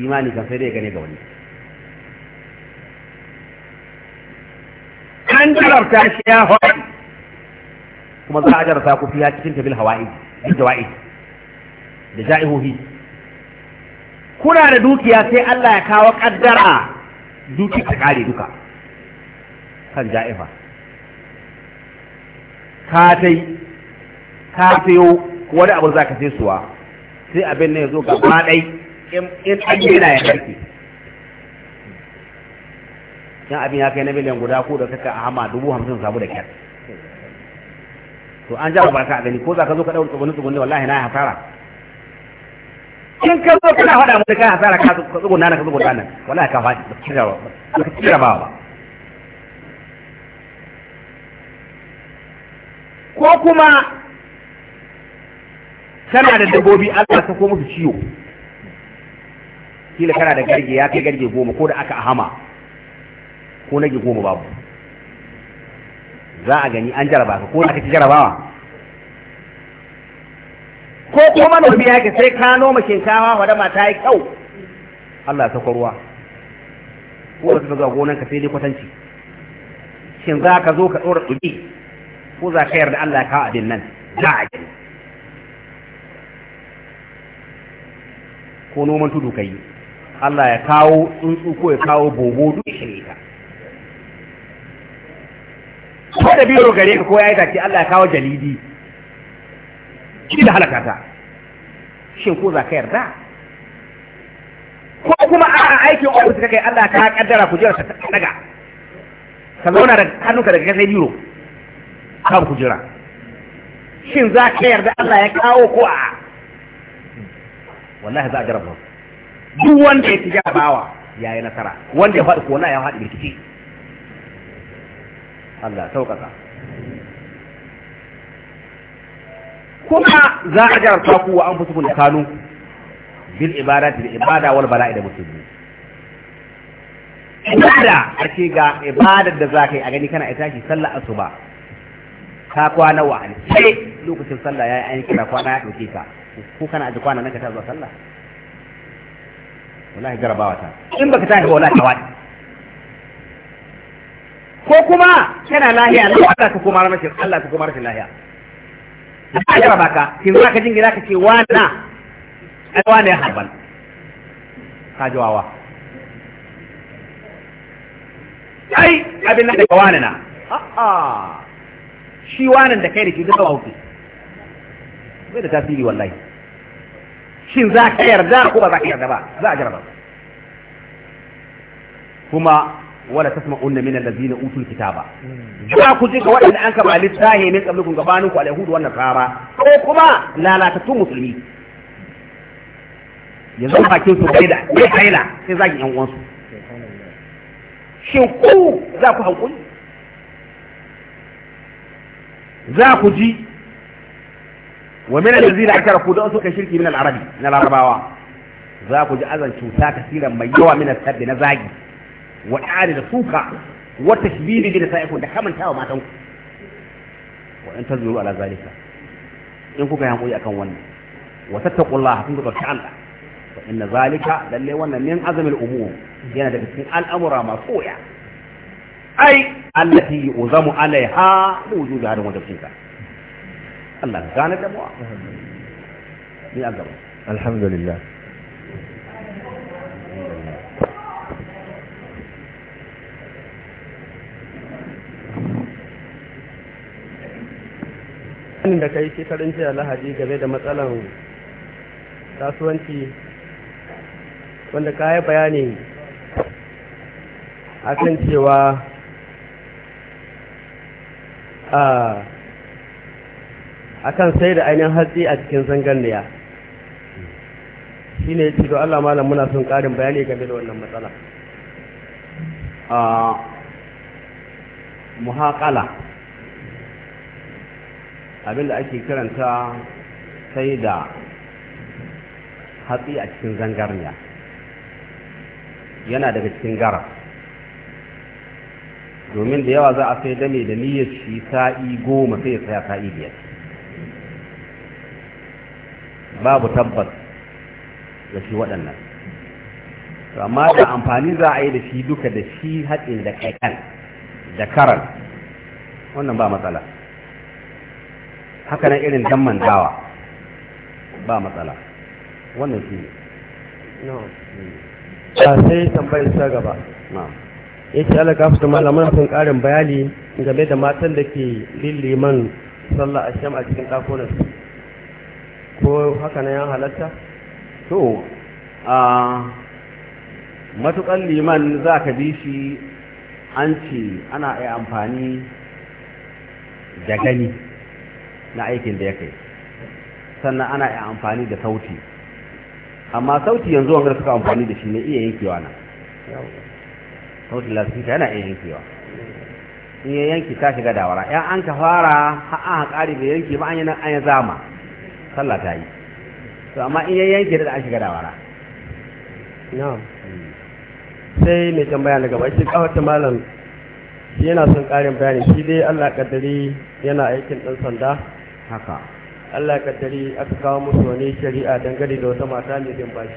imani kan sai dai gane ga wani an jarata shi ya faɗi kuma za a jarata ku fiya cikin tabil hawa'i duk jawa'i da ja'ihohi kuna da dukiya sai Allah ya kawo kaddara dukiya ta kare duka kan ja'ifa ka tai ka sayo wani abu za ka suwa sai abin ne ya zo gaba ɗai in an na ya karfe can abin ya kai na miliyan guda ko da kaka a hama dubu hamsin sabu da kyar to an jaba baraka a gani ko za ka zo ka ɗaura tsugunni tsugunni wallahi na hasara in ka zo kana faɗa mu da kai hasara ka tsugunna na ka tsugunna nan wallahi ka faɗi ba ka kira ba ko kuma tana da dabbobi Allah ta ko musu ciwo kila kana da garge ya kai garge goma ko da aka ahama ko nage goma babu za a gani an jaraba ka ko aka ci jarabawa ko kuma ko ya ke sai ka noma shinkawa wadama mata yi kyau Allah ta ruwa ko da ka zuwa gonan ka sai dai kwatanci shin za ka zo ka ɗora ɗuɗi ko za ka yarda Allah ya kawo abin nan za a gani ko noman tudu ka yi Allah ya kawo tsuntsu ko ya kawo bobo duk shi ka ko da biro gare ka ko ya yi tace Allah ya kawo jalidi shi da halaka ta shin ko za ka yarda ko kuma a aikin ofis kai Allah ka kaddara jira ta daga ka zauna da hannunka daga kasai biro kan kujira shin za ka yarda Allah ya kawo ko a wallahi za a jarabta duk wanda ya ci bawa ya yi nasara wanda ya faɗi ko na ya faɗi rikici Allah sauƙaƙa kuma za a jarabta ku wa an fusu kun kanu bil ibada da ibada wal bala'i da musulmi ibada ake ce ga ibadar da za ka yi a gani kana ita shi sallar asuba ka kwana wa sai lokacin sallah yayi an kira kwana ya dauke ka ko kana aji kwana nan ka ta zuwa sallah wallahi bawa ta in baka tashi ba wallahi kawai ko kuma kana lahiya na Allah ka kuma rashin Allah ka kuma rashin lahiya a jaraba baka, kin za ka jingira ka ce wana ai wana ya harban ka ji wawa ai abin nan da wana na a'a shi wanan da kai da shi duka wauke bai da tasiri wallahi shin za ka yarda ko ba za ka yarda ba za a jarraba kuma wala tasma'unna min allazina utul kitaba za ku je ga waɗanda an kaba littahi min qablukum gabanin ku al-yahud wa nasara ko kuma lalatattun musulmi yanzu bakin su bai da bai haila sai zagin yan uwansu shin ku za ku hankuli za ku ji wa min allazi da aka ku don suka shirki min al-arabi na larabawa za ku ji azan cuta kasiran mai yawa min al na zagi wa da suka wa tashbihi da sa'iku da kamanta wa matan ku wa in tazuru ala zalika in kuka hankuri akan wannan wa tattaqullaha kun ga Allah fa inna zalika lalle wannan min azamil umur yana daga cikin al'amura masu wuya ai allati uzamu alaiha wujudu hadin wanda fika Allah ka gane da mu ni gaba. alhamdulillah bayanin da ka yi shekarun jiya lahadi game da matsalan kasuwanci wanda ka yi bayani kan cewa A kan sai da ainihin hatsi a cikin ya shi ne ci Allah malam muna son ƙarin bayani game da wannan matsala a muhaƙala abinda ake karanta sai da hatsi a cikin zangarniya yana daga cikin gara domin da yawa za a sai dame da niyyar shi sa'i goma sai ya tsaya sa'i biyar babu tabbas da shi waɗannan amma da amfani za a yi da shi duka da shi haɗin da kaikan da karan wannan ba matsala haka na irin damman dawa ba matsala wannan shi ne sai tambayar sa gaba na'am ya ce ala gafu da malaman sun karin bayani game da matan da ke liman sallah a sham a cikin ɗakunan ko haka na yan halatta to a matuƙan liman za ka bi shi an ce ana iya amfani da gani na aikin da ya kai sannan ana iya amfani da sauti amma sauti yanzu wanda suka amfani da shi ne iya yankewa na sautin ta yana iya yankewa in ya yanki ta shiga dawara ya an ka fara ha'a an haƙari bai yanki ba an yi nan an zama sallah ta yi to amma in ya yanki da an shiga dawara hmm. sai mai bayan daga ba shi kawata malam shi yana son ƙarin bayani shi dai allah kaddari yana aikin ɗan sanda haka allah kaddari aka kawo musu wani shari'a dangane da wata mata mai bin bashi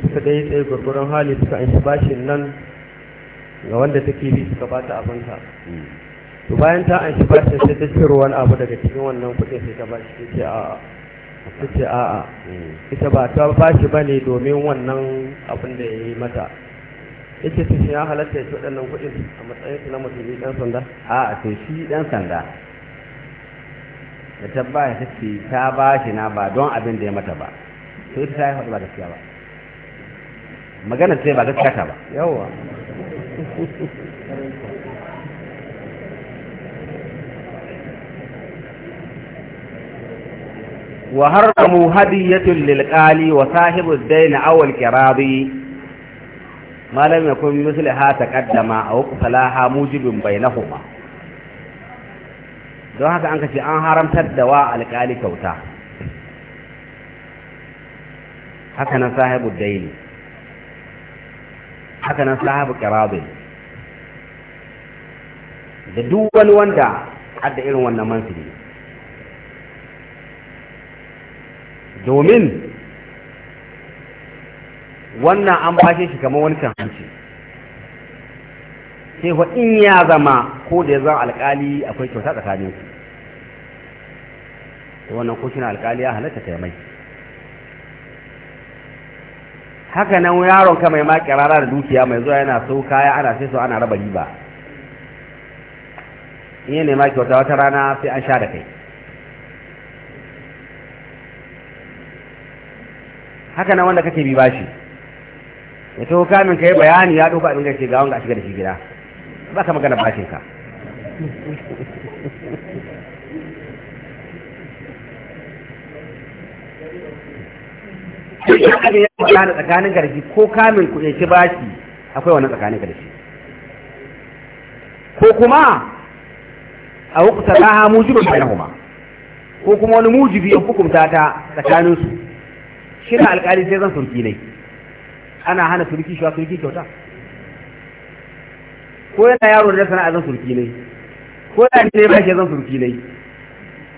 su suka dai tsaye gwargwaron hali suka an shi bashin nan ga wanda take bi suka bata abinta to bayan ta an shi bashin sai ta ciro ruwan abu daga cikin wannan kuɗin sai ta bashi ta ce a'a ta ce a'a ita ba ta bashi ba ne domin wannan abin da ya yi mata yake shi ya halatta ya ci waɗannan kuɗin a matsayin su na musulmi ɗan sanda a'a to shi ɗan sanda da ta ba ta ce ta bashi na ba don abin da ya mata ba to ita ta yi haɗu ba gaskiya ba magana sai ba gaskiya ta ba yawa wa haramu hadiyatun lil wa sahibu ad-dayn aw al kun ma lam ta kaddama a aw qalaha mujibin bainahuma don haka an kace an haramtar da wa alkali kyauta haka nan sahibu daini haka nan sahabu kirabin da duk wani wanda adda irin wannan mansuri domin wannan an bashe shi kamar wani kan hanci sai in ya zama ko da ya zama alkali akwai kyauta tsakaninsu wannan ko alkali ya halatta taimai haka nan yaron ka mai maki rara da dukiya mai zuwa yana so kaya ana sai so ana raba riba in yana maki wata wata rana sai an sha da kai haka nan wanda kake bi bashi ya taho kamin ka yi bayani ya a ɗin da ga gawon a shiga da shi gida ba ka magana bashin ka ya tsakanin ko ku ɗauki akwai kuma a hukuta ta wani mujibi ya hukumta ta tsakanin su shi na alƙali sai zan sulki ne ana hana sulki shi wa sulki kyauta ko yana yaro da sana'a zan sulki ne ko yana ne ba shi zan sulki ne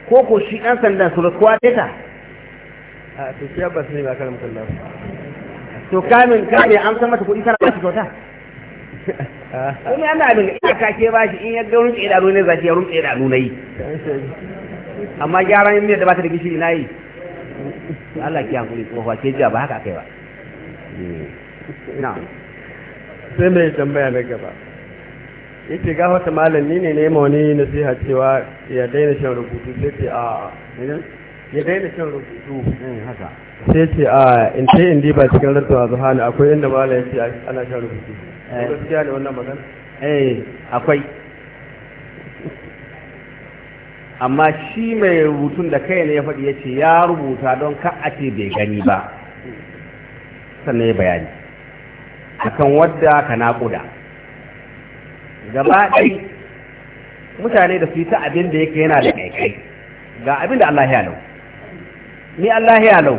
ko ko shi ɗan sandan sulkuwa ta a to shi abbas ne ba kalam kallahu to kamin kame an san mata kuɗi tana ba shi kyauta kuma ana abin ina kake ba shi in ya ga rumtse da ne za shi ya rumtse da nuna yi amma gyara yin da ba ta da gishiri na yi Allah ki hankuli tsohuwa ke jiya ba haka kai ba sai mai tambaya na gaba yace ga wata malami ne ne ma wani nasiha cewa ya daina shan rubutu sai ce a ya daina shan rubutu eh, sai ce a ah, in ce in diba cikin rantsu a zuhani akwai inda mala ya ce ana shan rubutu eh. gaskiya ne wannan magana eh akwai amma shi mai rubutun da kai ne ya faɗi ya ce ya rubuta don ka a ce bai gani ba sannan ya bayani akan wadda ka naƙuda gaba ɗai mutane da su yi ta abin da yake yana da ƙaiƙai ga abin da Allah ya nau ni Allah ya lau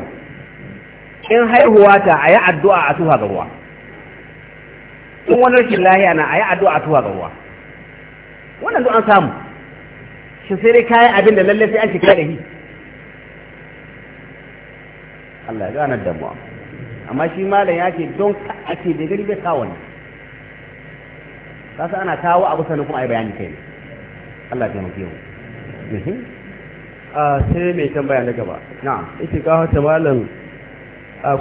in haihuwa ta a yi addu'a a tuha ga ruwa in wani rikin lahiya na a yi addu'a a tuha ga ruwa wannan duk an samu shi sai dai kayan abin da lalle sai an shi kai da shi Allah ya ganar da mu amma shi malam ya ce don ake da gari bai kawo ne kasa ana kawo abu sanin kuma a yi bayani kai Allah ya taimake mu mhm. a sai mai tambaya na gaba na ita kawo hata malam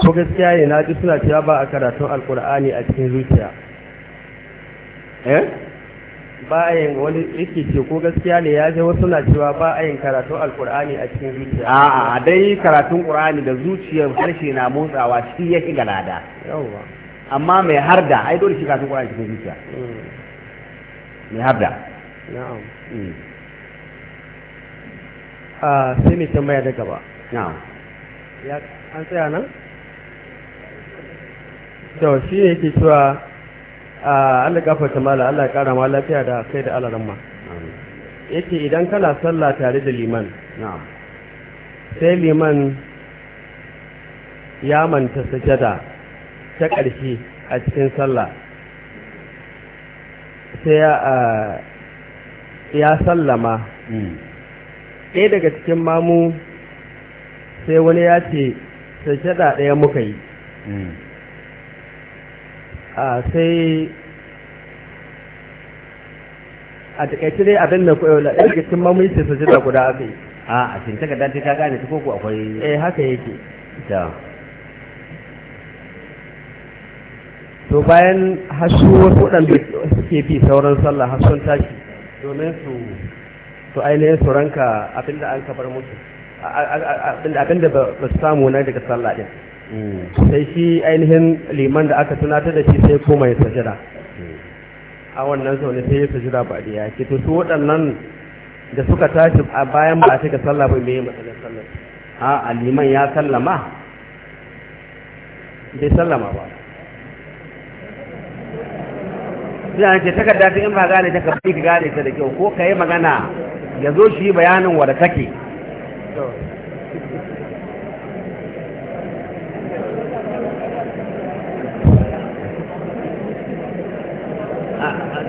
ko gaskiya ne na ji suna cewa ba a karatun alkur'ani a cikin zuciya eh bayan wani rikici ko gaskiya ne ya je wasu na cewa ba a yin karatun alkur'ani a cikin zuciya a'a dai karatun qur'ani da zuciyar harshe na motsawa shi ya ga lada amma mai harda ai dole shi karatun qur'ani cikin zuciya mm. mai harda na'am mm. Ah, sai mai tambaya da gaba an tsaya nan? to shi ne ke cewa ah, Allah gafarta mala Allah kara ma lafiya da kai da alaramma yake idan kana sallah tare da liman sai liman ya manta sajada ta ƙarshe a cikin sallah sai ya ah, sallama hmm. ɗaya daga cikin mamu sai wani ya ce sajada ɗaya muka yi hmm. a sai a takaice dai abin da ku yau ɗaya daga cikin mamu sai sajada guda aka yi a a cin takarda ta gane ta koko akwai eh haka yake da to bayan hasu wasu waɗanda suke fi sauran sallah hasu tashi domin su su ainihin su ranka abinda an kabar musu abinda ba su samu na daga sallah din mm. sai shi ainihin liman da aka tunatar da shi sai koma ya sajira mm. a wannan zaune sai ya sajira ba da yaki to su waɗannan da suka tashi a bayan ba a cika sallah ba mai matsalar sallar a liman ya sallama bai sallama ba sai an ce takarda ta in ba gane ta ka fi gane ta da kyau ko ka yi magana ya zo shi bayanin wadda take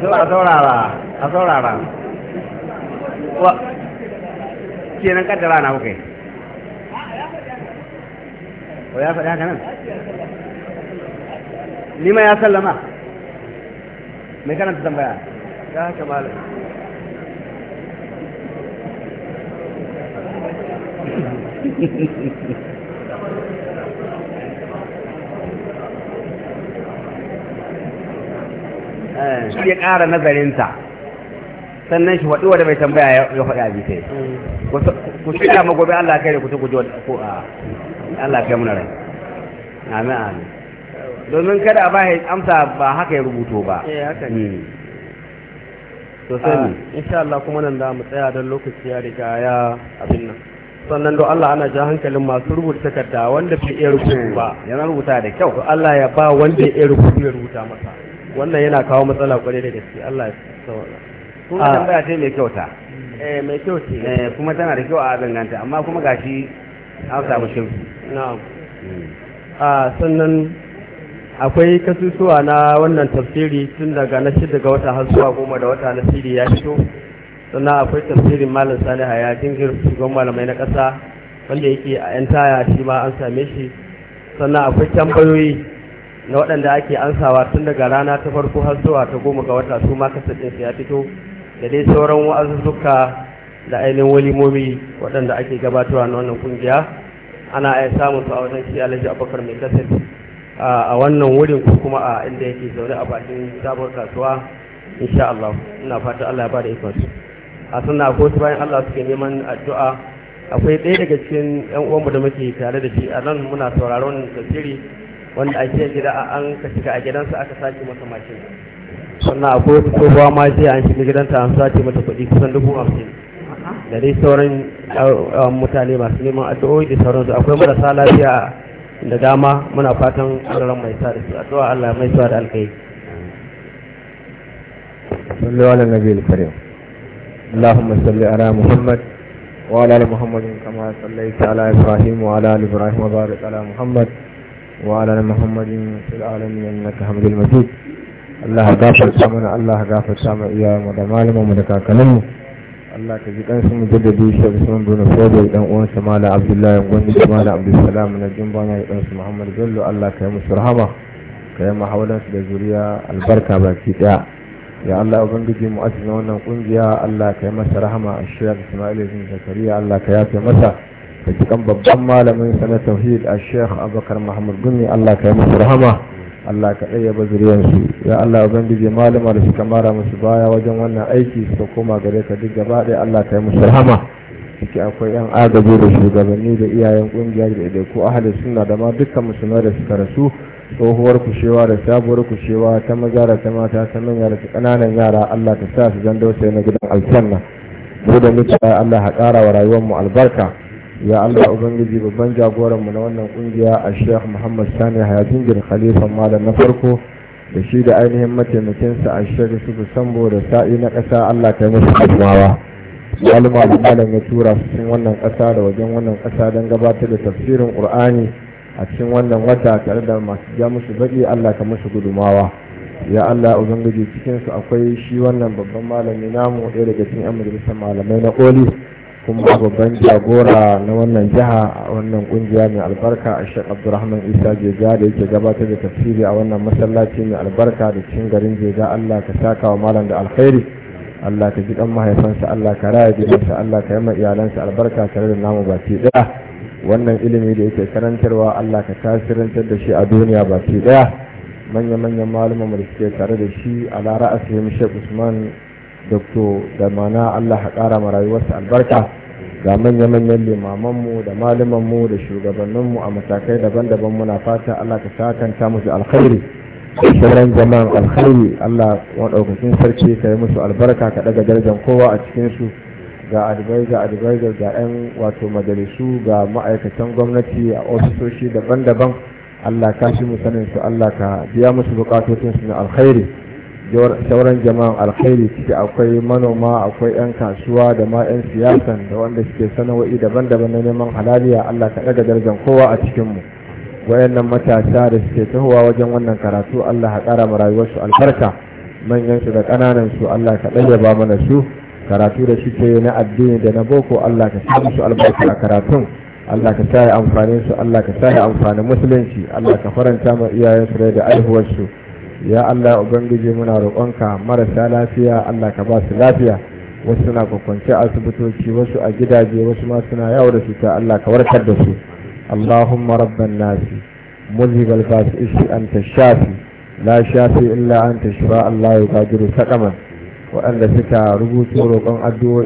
a saurara a saurara kenan kaddara na kuka yi ya faɗi haka nan lima ya sallama mai kanan karanta tambaya ya haka malam shi ya ƙara nazarinta sannan shi waɗi wanda mai tambaya ya faɗi a bitai ku ya magobi Allah kai da ku tuku ko a Allah kai muna rai amin amin domin kada a bashi amsa ba haka ya rubuto ba eh haka ne hmm. to sai ah, insha Allah kuma nan da mu tsaya don lokaci ya riga ya abin nan sannan don Allah ana ja hankalin masu rubuta takarda wanda fi iya rubutu ba eh, yana rubuta da kyau Allah ya ba wanda ya iya rubutu ya rubuta masa wannan yana kawo matsala kwarai da gaske Allah ya saurara sun ga ah. tambaya ce mai kyauta eh mai kyau ce eh kuma tana da kyau a ganganta amma kuma gashi an samu shi na'am hmm. a ah, sannan akwai kasusuwa na wannan tafsiri tun daga na shida ga wata har zuwa goma da wata na siri ya fito sannan akwai tafsirin malam salih ya jingir shugaban malamai na ƙasa wanda yake a yan taya shi ma an same shi sannan akwai tambayoyi na waɗanda ake ansawa tun daga rana ta farko har zuwa ta goma ga wata su ma kasance su ya fito da dai sauran wa'azuzzuka da ainihin walimomi waɗanda ake gabatarwa na wannan kungiya ana iya samun su a wajen shi alhaji abubakar mai kasar a wannan wurin ko kuma a inda yake zaune a bakin sabon kasuwa insha Allah ina fata Allah ya bada ikon su a suna ko su bayan Allah suke neman addu'a akwai ɗaya daga cikin yan uwanmu da muke tare da shi a nan muna sauraron tafsiri wanda ake gida an ka shiga a gidansa aka sake masa mashin sannan akwai wasu tsohuwa ma sai an shiga gidanta an sace mata kuɗi kusan dubu hamsin da dai sauran mutane masu neman addu'o'i da sauransu akwai marasa lafiya da dama muna fatan ƙwararren mai sa da su addu'a Allah mai sa da alkai. Sallu ala Nabi Karim. اللهم صل على محمد وعلى ال محمد كما صليت على ابراهيم وعلى ال ابراهيم وبارك على محمد وعلى ال محمد في العالمين انك حميد مجيد الله غافر سامنا الله غافر سامنا يا مدمالم ومدكاكنم Allah ka ji kansu mu jaddadi shi Usman bin Fadl dan uwan sa Malam da Abdulsalam na Jimbana da ɗansu Muhammad Bello Allah ka yi musu rahama ka yi da zuriya albarka baki ɗaya. ya Allah ubangiji mu asibin wannan kungiya Allah ka yi masa rahama a shiyar Ismail bin Zakariya Allah ka yafe masa da cikin babban malamin sa na tauhid a Sheikh Abubakar Muhammad Gumi Allah ka yi masa rahama Allah ka ɗaya ba zuriyarsu ya Allah ubangiji malama da suka mara musu baya wajen wannan aiki suka koma gare ka duk gaba ɗaya Allah ka yi musu rahama ciki akwai yan agaji da shugabanni da iyayen kungiya da ɗaiɗaiku ahalin suna da ma dukkan musulmai da suka rasu tsohuwar kushewa da sabuwar kushewa ta maza da ta mata ta manya da ta kananan yara Allah ta sa su zan dausayi na gidan aljanna mu da muke Allah ha kara wa rayuwar mu albarka ya Allah ubangiji babban jagoran na wannan kungiya a Sheikh Muhammad Sani Hayatin Gir Khalifa malam na farko da shi da ainihin mataimakinsa a Sheikh Sufu Sambo da sa'i na kasa Allah ta musu kumawa malama da malam ya tura su cikin wannan kasa da wajen wannan kasa don gabatar da tafsirin Qur'ani a cikin wannan wata tare da masu ja musu baki Allah ka musu gudumawa ya Allah ubangiji cikin su akwai shi wannan babban malami namu ɗaya daga cikin yan majalisar malamai na koli kuma babban jagora na wannan jiha a wannan kungiya mai albarka a shek abdurrahman isa jeja da yake gabatar da tafsiri a wannan masallaci mai albarka da cikin garin jeja Allah ka saka wa malam da alkhairi Allah ka ji dan mahaifansa Allah ka raya gidansa Allah ka yi ma iyalansa albarka tare da namu baki ɗaya wannan ilimi da yake karantarwa Allah ka tasirantar da shi a duniya ba baki daya manya-manyan malumin da suke tare da shi a lara asirin shek usman dr da mana Allah ka kara ma rayuwarsa albarka ga manya-manyan limamanmu da malumanmu da shugabanninmu a matakai daban-daban muna fata Allah ka sakanta musu alkhairi sauran jama'an alkhairi Allah maɗaukakin sarki ka yi musu albarka ka ɗaga darajar kowa a cikinsu ga advisor ga ga 'yan wato majalisu ga ma'aikatan gwamnati a ofisoshi daban-daban allah ka shi mu sanin su allah ka biya musu bukatotin su na alkhairi sauran jama'an alkhairi ciki akwai manoma akwai 'yan kasuwa da ma 'yan siyasan da wanda suke sana'o'i daban-daban na neman halaliya allah ka ɗaga darajar kowa a cikinmu wayannan matasa da suke tahowa wajen wannan karatu allah ka ma rayuwarsu albarka su da kananan su allah ka ɗaga ba mana su karatu da suke na addini da na boko Allah ka sa musu albarka a karatun Allah ka sa ya su Allah ka sa amfanin musulunci Allah ka faranta ma iyayen su da aihuwar su ya Allah ubangiji muna roƙonka marasa lafiya Allah ka ba su lafiya wasu na kwakwance asibitoci wasu a gidaje wasu ma suna yawo da cuta Allah ka warkar da su Allahumma rabban nasi مذهب الباس إشي أنت الشافي لا شافي إلا أنت شفاء الله يقادر سقما waɗanda suka rubuto roƙon addu'o'i